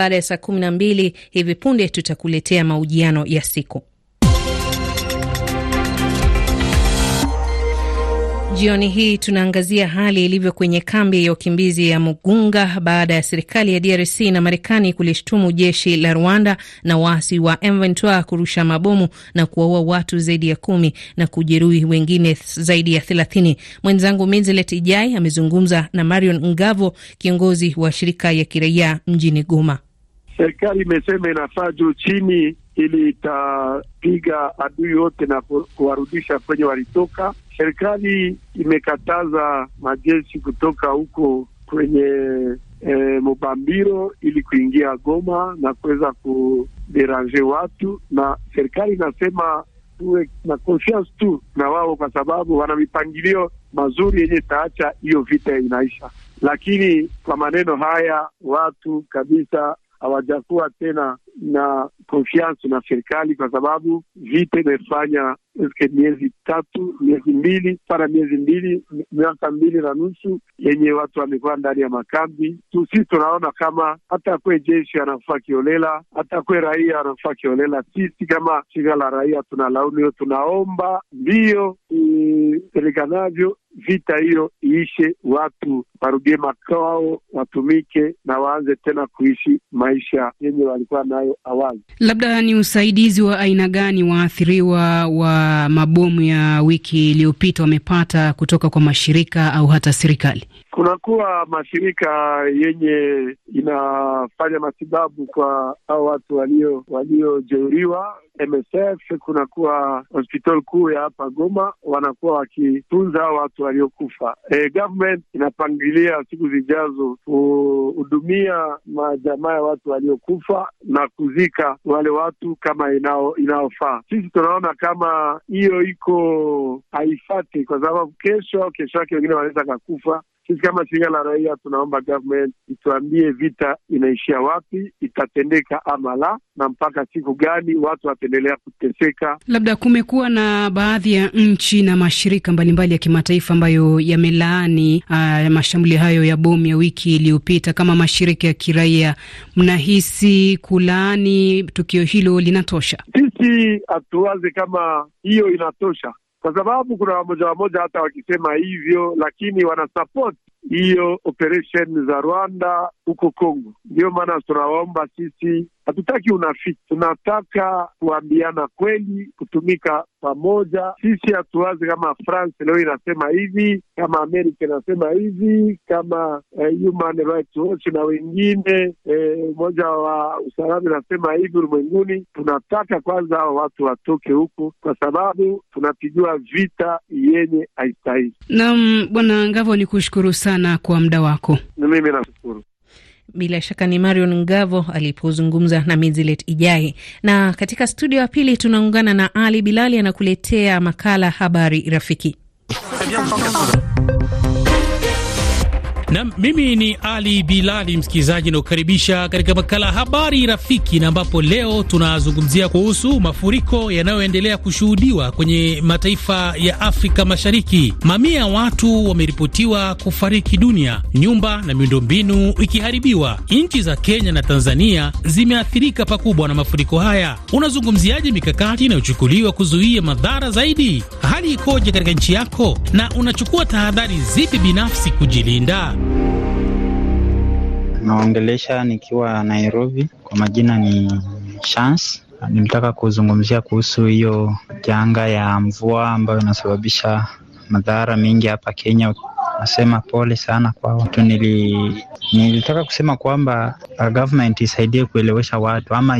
Baada ya saa kumi na mbili hivi punde tutakuletea mahojiano ya siku. Jioni hii tunaangazia hali ilivyo kwenye kambi ya wakimbizi ya Mugunga baada ya serikali ya DRC na Marekani kulishtumu jeshi la Rwanda na waasi wa M23 kurusha mabomu na kuwaua watu zaidi ya kumi na kujeruhi wengine zaidi ya thelathini. Mwenzangu Minzilet Ijai amezungumza na Marion Ngavo, kiongozi wa shirika ya kiraia mjini Goma. Serikali imesema inafaa juu chini, ili itapiga adui yote na kuwarudisha kwenye walitoka. Serikali imekataza majeshi kutoka huko kwenye E, Mubambiro ili kuingia Goma na kuweza kuderange watu, na serikali inasema tuwe na confiance tu na wao, kwa sababu wana mipangilio mazuri yenye itaacha hiyo vita inaisha. Lakini kwa maneno haya watu kabisa hawajakuwa tena na konfiansi na serikali, kwa sababu vita imefanya miezi tatu, miezi mbili mpaka miezi mbili, miaka mbili na nusu yenye watu wamekuwa ndani ya makambi tu. Sisi tunaona kama hata kwe jeshi anafaa kiolela, hata kwe raia anafaa kiolela. Sisi kama shirika la raia tunalaumiwa, tunaomba ndio ipelekanavyo vita hiyo iishe, watu warudie makwao, watumike na waanze tena kuishi maisha yenye walikuwa nayo awali. Labda ni usaidizi wa aina gani waathiriwa wa mabomu ya wiki iliyopita wamepata kutoka kwa mashirika au hata serikali? kunakuwa mashirika yenye inafanya matibabu kwa hao watu walio waliojeuriwa MSF, kunakuwa hospitali kuu ya hapa Goma, wanakuwa wakitunza hao watu waliokufa. E, government inapangilia siku zijazo kuhudumia majamaa ya watu waliokufa na kuzika wale watu kama inao inaofaa. Sisi tunaona kama hiyo iko haifati, kwa sababu kesho au kesho yake wengine wanaweza kakufa. Sisi kama shirika la raia tunaomba government ituambie vita inaishia wapi, itatendeka ama la, na mpaka siku gani watu wataendelea kuteseka. Labda kumekuwa na baadhi ya nchi na mashirika mbalimbali mbali ya kimataifa ambayo yamelaani uh, mashambulio hayo ya bomu ya wiki iliyopita. Kama mashirika ya kiraia, mnahisi kulaani tukio hilo linatosha? Sisi hatuwazi kama hiyo inatosha kwa sababu kuna wamoja wamoja hata wakisema hivyo, lakini wanasupport hiyo operation za Rwanda huko Kongo. Ndiyo maana tunawaomba sisi, hatutaki unafiki, tunataka kuambiana kweli, kutumika pamoja. Sisi hatuwazi kama France leo inasema hivi, kama Amerika inasema hivi, kama eh, Human Rights Watch na wengine eh, umoja eh, wa usalama inasema hivi ulimwenguni. Tunataka kwanza hao watu watoke huko, kwa sababu tunapigiwa vita yenye haistahili. Naam, Bwana Ngavo, ni kushukuru sana kwa muda wako. Mimi nashukuru. Bila shaka ni Marion Ngavo alipozungumza na Mizilet Ijai. Na katika studio ya pili tunaungana na Ali Bilali anakuletea makala Habari Rafiki. Na mimi ni Ali Bilali, msikilizaji nakukaribisha katika makala Habari Rafiki, na ambapo leo tunazungumzia kuhusu mafuriko yanayoendelea kushuhudiwa kwenye mataifa ya Afrika Mashariki. Mamia ya watu wameripotiwa kufariki dunia, nyumba na miundombinu ikiharibiwa. Nchi za Kenya na Tanzania zimeathirika pakubwa na mafuriko haya. Unazungumziaje mikakati inayochukuliwa kuzuia madhara zaidi? Hali ikoje katika nchi yako, na unachukua tahadhari zipi binafsi kujilinda? naongelesha nikiwa Nairobi. Kwa majina ni Chance. Nilitaka kuzungumzia kuhusu hiyo janga ya mvua ambayo inasababisha madhara mengi hapa Kenya. Nasema pole sana kwa watu. Nili, nilitaka kusema kwamba uh, government isaidie kuelewesha watu ama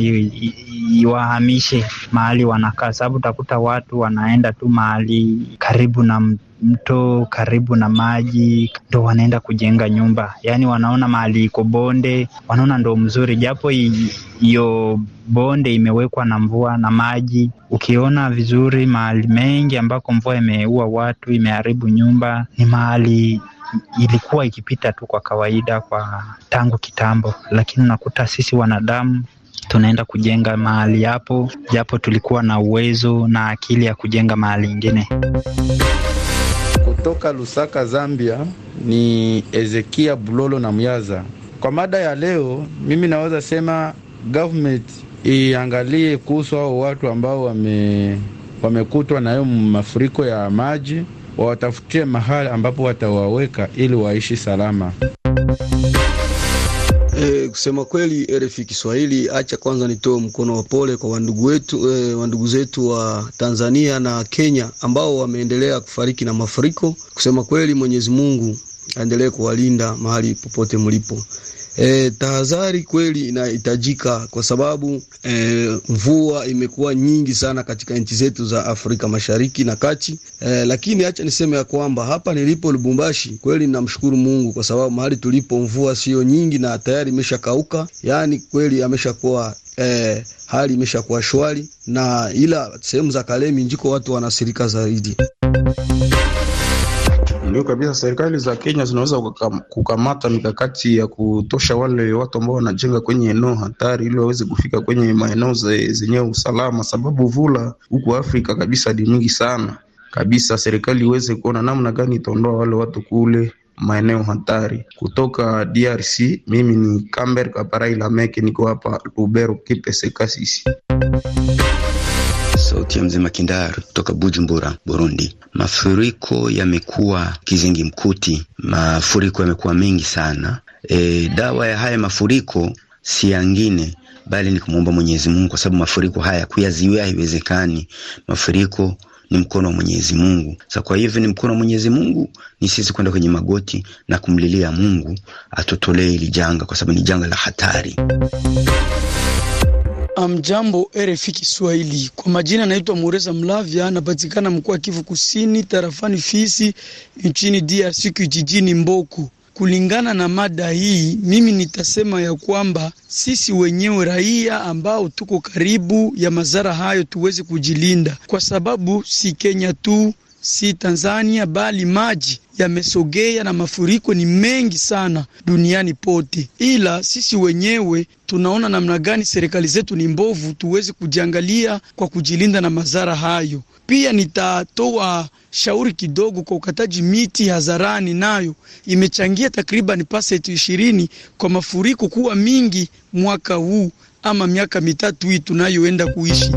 iwahamishe mahali wanakaa, sababu utakuta watu wanaenda tu mahali karibu na mtu mto karibu na maji, ndo wanaenda kujenga nyumba. Yaani wanaona mahali iko bonde, wanaona ndo mzuri, japo hiyo bonde imewekwa na mvua na maji. Ukiona vizuri, mahali mengi ambako mvua imeua watu, imeharibu nyumba, ni mahali ilikuwa ikipita tu kwa kawaida kwa tangu kitambo, lakini unakuta sisi wanadamu tunaenda kujenga mahali hapo, japo tulikuwa na uwezo na akili ya kujenga mahali ingine. Kutoka Lusaka, Zambia ni Ezekia Bulolo na Myaza. Kwa mada ya leo, mimi naweza sema government iangalie kuhusu hao watu ambao wame wamekutwa na hiyo mafuriko ya maji, wawatafutie mahali ambapo watawaweka ili waishi salama. E, kusema kweli RFI Kiswahili, acha kwanza nitoe mkono wa pole kwa wandugu wetu, e, wandugu zetu wa Tanzania na Kenya ambao wameendelea kufariki na mafuriko. Kusema kweli, Mwenyezi Mungu aendelee kuwalinda mahali popote mlipo. E, tahadhari kweli inahitajika kwa sababu e, mvua imekuwa nyingi sana katika nchi zetu za Afrika Mashariki na Kati. E, lakini acha niseme ya kwamba hapa nilipo Lubumbashi kweli namshukuru Mungu kwa sababu mahali tulipo mvua sio nyingi na tayari imeshakauka, yaani kweli ameshakuwa e, hali imeshakuwa shwari, na ila sehemu za Kalemi njiko watu wanasirika zaidi hiyo kabisa serikali za Kenya zinaweza kukamata mikakati ya kutosha wale watu ambao wanajenga kwenye eneo hatari, ili waweze kufika kwenye maeneo zenye usalama, sababu vula huku Afrika kabisa ni mingi sana kabisa. Serikali iweze kuona namna gani itaondoa wale watu kule maeneo hatari. Kutoka DRC, mimi ni Kamber Kaparai Lameke, niko hapa Lubero Kipese Kasisi. Sauti ya mzima Kindari kutoka Bujumbura, Burundi. Mafuriko yamekuwa kizingi mkuti mafuriko yamekuwa mengi sana. E, dawa ya haya mafuriko si yangine bali ni kumwomba Mwenyezi Mungu, kwa sababu mafuriko haya kuyaziwia haiwezekani. Mafuriko ni mkono wa Mwenyezi Mungu. kwa hivyo ni mkono wa Mwenyezi Mungu, ni sisi kwenda kwenye magoti na kumlilia Mungu atutolee hili janga, kwa sababu ni janga la hatari. Amjambo RFI Kiswahili, kwa majina naitwa Mureza Mlavya, napatikana mkoa wa Kivu Kusini, tarafani fisi nchini DRC, kijijini Mboku. Kulingana na mada hii, mimi nitasema ya kwamba sisi wenyewe raia ambao tuko karibu ya madhara hayo tuweze kujilinda, kwa sababu si Kenya tu si Tanzania bali maji yamesogea na mafuriko ni mengi sana duniani pote, ila sisi wenyewe tunaona namna gani serikali zetu ni mbovu, tuweze kujiangalia kwa kujilinda na madhara hayo. Pia nitatoa shauri kidogo kwa ukataji miti hadharani, nayo imechangia takriban pasenti ishirini kwa mafuriko kuwa mingi mwaka huu ama miaka mitatu hii tunayoenda kuishi.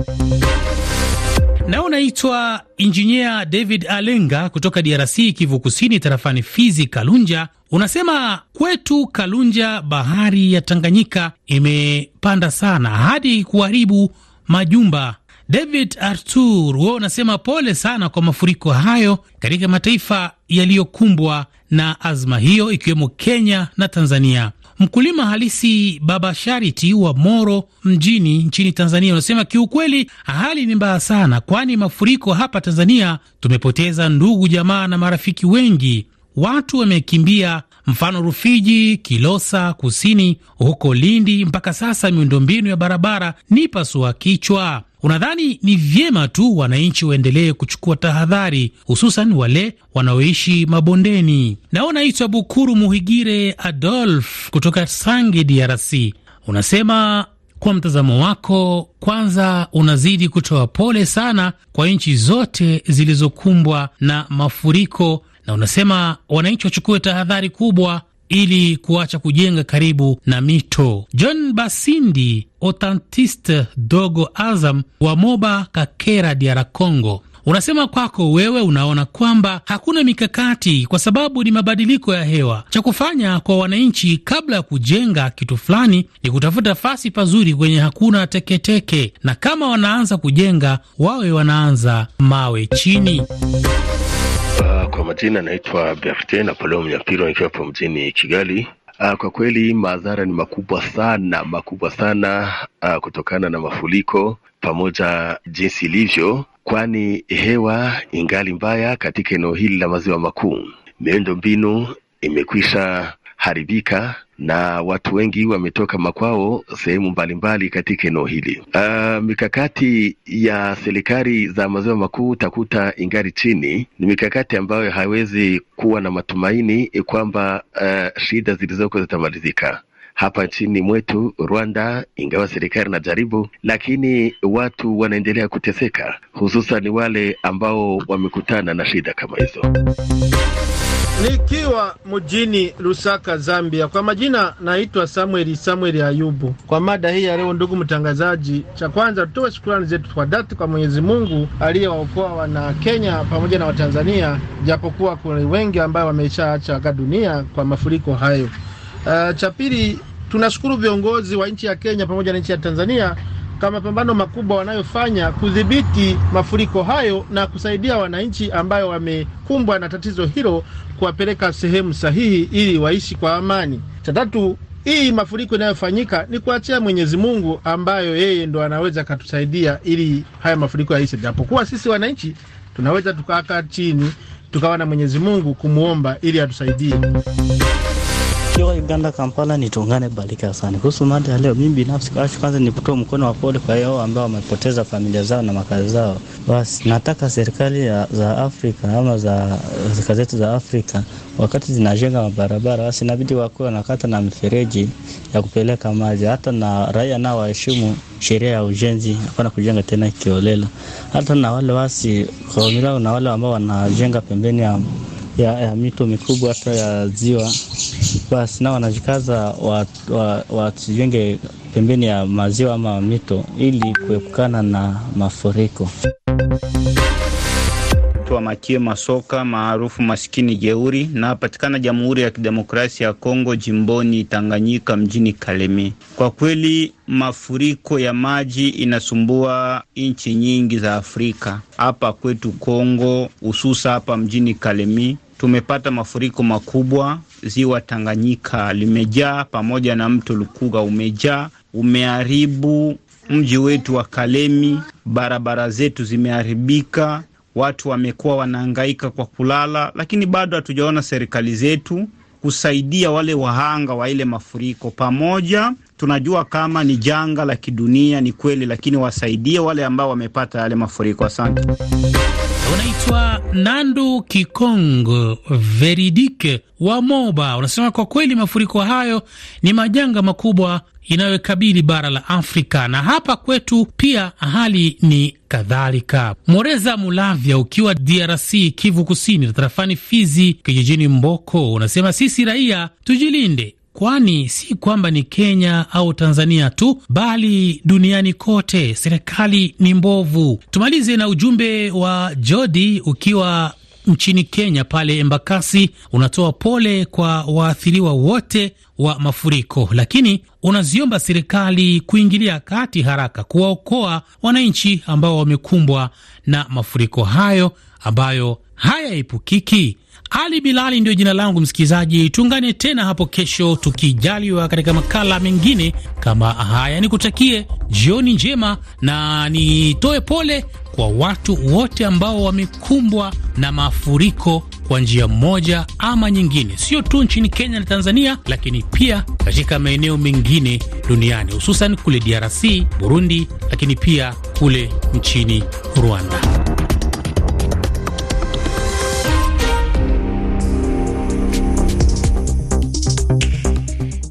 Nao unaitwa Injinia David Alenga kutoka DRC, Kivu Kusini, tarafani Fizi, Kalunja. Unasema kwetu Kalunja bahari ya Tanganyika imepanda sana hadi kuharibu majumba David Artur, wewe unasema pole sana kwa mafuriko hayo katika mataifa yaliyokumbwa na azma hiyo ikiwemo Kenya na Tanzania. Mkulima halisi Baba Shariti wa Moro mjini nchini Tanzania unasema kiukweli, hali ni mbaya sana, kwani mafuriko hapa Tanzania tumepoteza ndugu, jamaa na marafiki wengi. Watu wamekimbia mfano Rufiji, Kilosa, Kusini, huko Lindi. Mpaka sasa miundombinu ya barabara ni pasua kichwa. Unadhani ni vyema tu wananchi waendelee kuchukua tahadhari, hususan wale wanaoishi mabondeni? Naona itwa Bukuru Muhigire Adolf kutoka Sange, DRC, unasema kwa mtazamo wako, kwanza unazidi kutoa pole sana kwa nchi zote zilizokumbwa na mafuriko na unasema wananchi wachukue tahadhari kubwa ili kuacha kujenga karibu na mito. John Basindi otantist Dogo Azam wa Moba Kakera, Diara Congo, unasema kwako wewe unaona kwamba hakuna mikakati kwa sababu ni mabadiliko ya hewa. Cha kufanya kwa wananchi kabla ya kujenga kitu fulani ni kutafuta fasi pazuri kwenye hakuna teketeke, na kama wanaanza kujenga wawe wanaanza mawe chini. Kwa majina naitwa Bertin Napoleon nikiwa hapo mjini Kigali. Ah, kwa kweli madhara ni makubwa sana, makubwa sana ah, kutokana na mafuriko pamoja jinsi ilivyo, kwani hewa ingali mbaya katika eneo hili la maziwa makuu. Miundo mbinu imekwisha haribika na watu wengi wametoka makwao sehemu mbalimbali katika eneo hili. Uh, mikakati ya serikali za maziwa makuu takuta ingari chini, ni mikakati ambayo haiwezi kuwa na matumaini eh, kwamba uh, shida zilizoko zitamalizika hapa nchini mwetu Rwanda, ingawa serikali inajaribu, lakini watu wanaendelea kuteseka, hususan wale ambao wamekutana na shida kama hizo. Nikiwa mjini Lusaka, Zambia. Kwa majina naitwa Samueli Samueli Ayubu. Kwa mada hii ya leo, ndugu mtangazaji, cha kwanza tutoe shukurani zetu kwa dhati kwa Mwenyezi Mungu aliyewaokoa wana Kenya pamoja na Watanzania, japokuwa kuna wengi ambayo wameshaacha aga dunia kwa mafuriko hayo. Uh, cha pili tunashukuru viongozi wa nchi ya Kenya pamoja na nchi ya Tanzania kwa mapambano makubwa wanayofanya kudhibiti mafuriko hayo na kusaidia wananchi ambayo wamekumbwa na tatizo hilo kuwapeleka sehemu sahihi ili waishi kwa amani. Cha tatu, hii mafuriko inayofanyika ni kuachia Mwenyezi Mungu ambayo yeye ndo anaweza akatusaidia ili haya mafuriko yaishe, japokuwa sisi wananchi tunaweza tukakaa chini tukawa na Mwenyezi Mungu kumwomba ili atusaidie. Kiwa Uganda Kampala, nitungane barika asani. Kuhusu mada ya leo, mimi binafsi kwa kwanza ni kutoa mkono wa pole kwa yao ambao wamepoteza familia zao na makazi zao. Basi nataka serikali ya, za Afrika ama za serikali zetu za Afrika, wakati zinajenga mabarabara, basi inabidi wakuwe wanakata na mifereji ya kupeleka maji, hata na raia nao waheshimu sheria ya ujenzi, hapana kujenga tena kiolela, hata na wale wasi kwa na wale ambao wanajenga pembeni ya, ya, ya mito mikubwa hata ya ziwa basi nao wanajikaza wasijenge wa, pembeni ya maziwa ama mito ili kuepukana na mafuriko wa Makie Masoka maarufu maskini jeuri, na patikana Jamhuri ya Kidemokrasia ya Kongo, jimboni Tanganyika, mjini Kalemi. Kwa kweli mafuriko ya maji inasumbua nchi nyingi za Afrika. Hapa kwetu Kongo, hususa hapa mjini Kalemi, tumepata mafuriko makubwa ziwa Tanganyika limejaa pamoja na mto Lukuga umejaa, umeharibu mji wetu wa Kalemi, barabara zetu zimeharibika, watu wamekuwa wanahangaika kwa kulala, lakini bado hatujaona serikali zetu kusaidia wale wahanga wa ile mafuriko. Pamoja tunajua kama ni janga la kidunia, ni kweli, lakini wasaidie wale ambao wamepata yale mafuriko. Asante. Unaitwa Nandu kikong Veridike wa Moba, unasema kwa kweli mafuriko hayo ni majanga makubwa inayokabili bara la Afrika na hapa kwetu pia hali ni kadhalika. Moreza Mulavya ukiwa DRC Kivu Kusini, tarafani Fizi, kijijini Mboko, unasema sisi raia tujilinde kwani si kwamba ni Kenya au Tanzania tu, bali duniani kote serikali ni mbovu. Tumalize na ujumbe wa Jodi ukiwa nchini Kenya pale Embakasi, unatoa pole kwa waathiriwa wote wa mafuriko, lakini unaziomba serikali kuingilia kati haraka kuwaokoa wananchi ambao wamekumbwa na mafuriko hayo ambayo hayaepukiki. Ali Bilali ndio jina langu msikilizaji. Tuungane tena hapo kesho tukijaliwa, katika makala mengine kama haya. Nikutakie jioni njema na nitoe pole kwa watu wote ambao wamekumbwa na mafuriko kwa njia moja ama nyingine, sio tu nchini Kenya na Tanzania, lakini pia katika maeneo mengine duniani, hususan kule DRC, Burundi, lakini pia kule nchini Rwanda.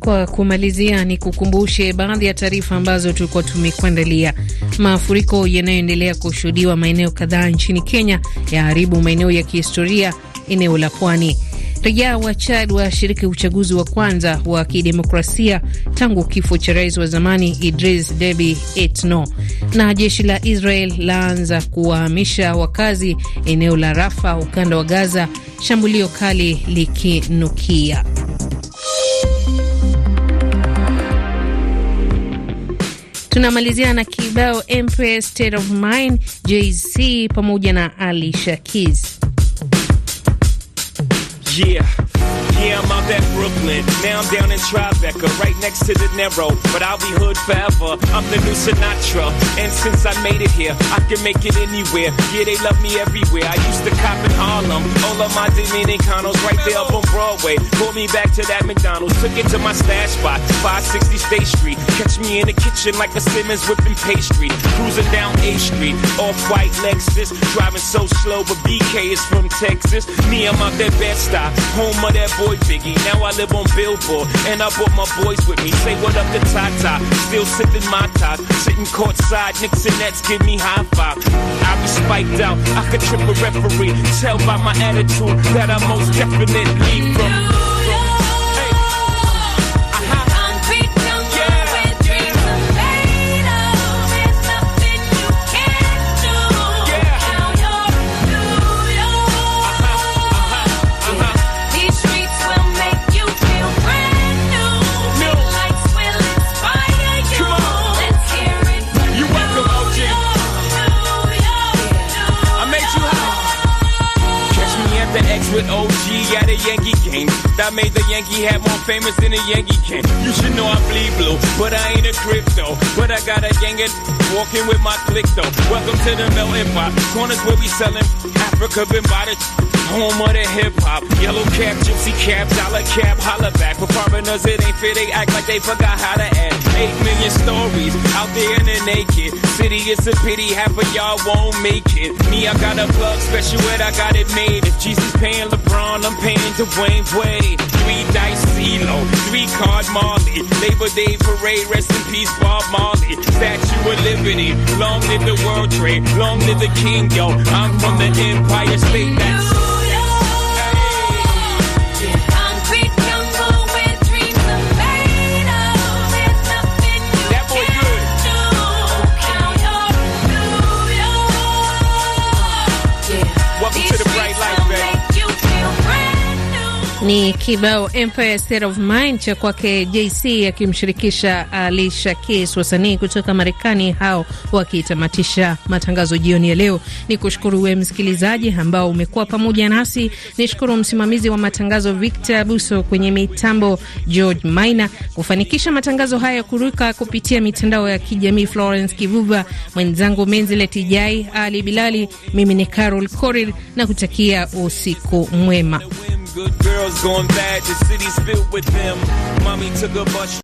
Kwa kumalizia, ni kukumbushe baadhi ya taarifa ambazo tulikuwa tumekuandalia. mafuriko yanayoendelea kushuhudiwa maeneo kadhaa nchini Kenya yaharibu maeneo ya kihistoria eneo la pwani. Raia wa Chad washiriki uchaguzi wa kwanza wa kidemokrasia tangu kifo cha rais wa zamani Idris Deby Itno, na jeshi la Israel laanza kuwahamisha wakazi eneo la Rafa, ukanda wa Gaza, shambulio kali likinukia Tunamalizia na kibao Empress State of Mind JC pamoja na Ali Keys. Yeah. Yeah, I'm out at Brooklyn. Now I'm down in Tribeca, right next to the Narrow. But I'll be hood forever. I'm the new Sinatra. And since I made it here, I can make it anywhere. Yeah, they love me everywhere. I used to cop all of my Dominicanos right there up on Broadway. Pull me back to that McDonald's, took it to my stash spot, 560 State Street. Catch me in the kitchen like a Simmons whipping pastry. Cruising down A Street, off white Lexus. Driving so slow, but BK is from Texas. Me, I'm out that bed stop, home of that boy Biggie. Now I live on Billboard, and I brought my boys with me. Say what up to Tata, still sipping my top. Sitting courtside, Knicks and Nets give me high five. I be spiked out, I could trip a referee. Tell by my attitude that I most definitely from. with OG at a Yankee game. That made the Yankee hat more famous than a Yankee can. You should know I bleed blue, but I ain't a crypto. But I got a gang of walking with my click though. Welcome to the melting pot. Corners where we selling Africa been by the home of the hip hop. Yellow cap, gypsy cap, dollar cap, holla back. For foreigners, it ain't fair, they act like they forgot how to act. Eight million stories out there in the naked city. It's a pity half of y'all won't make it. Me, I got a plug special, and I got it made. If Jesus paying LeBron, I'm paying Dwayne Wade. Three dice, Celo, three card Marley. Labor Day parade, rest in peace, Bob Marley. Statue of Liberty, long live the World Trade, long live the King, yo. I'm from the Empire State. That's Ni kibao Empire State of Mind cha kwake JC akimshirikisha Alicia Keys, wasanii kutoka Marekani hao wakitamatisha matangazo jioni ya leo. Ni kushukuru we msikilizaji ambao umekuwa pamoja nasi. Nishukuru msimamizi wa matangazo Victor Abuso, kwenye mitambo George Maina, kufanikisha matangazo haya ya kuruka kupitia mitandao ya kijamii Florence Kivuva, mwenzangu Menzileti Jai, Ali Bilali, mimi ni Carol Korir na kutakia usiku mwema. good girls going bad, the city's filled with them. Mommy took a bus.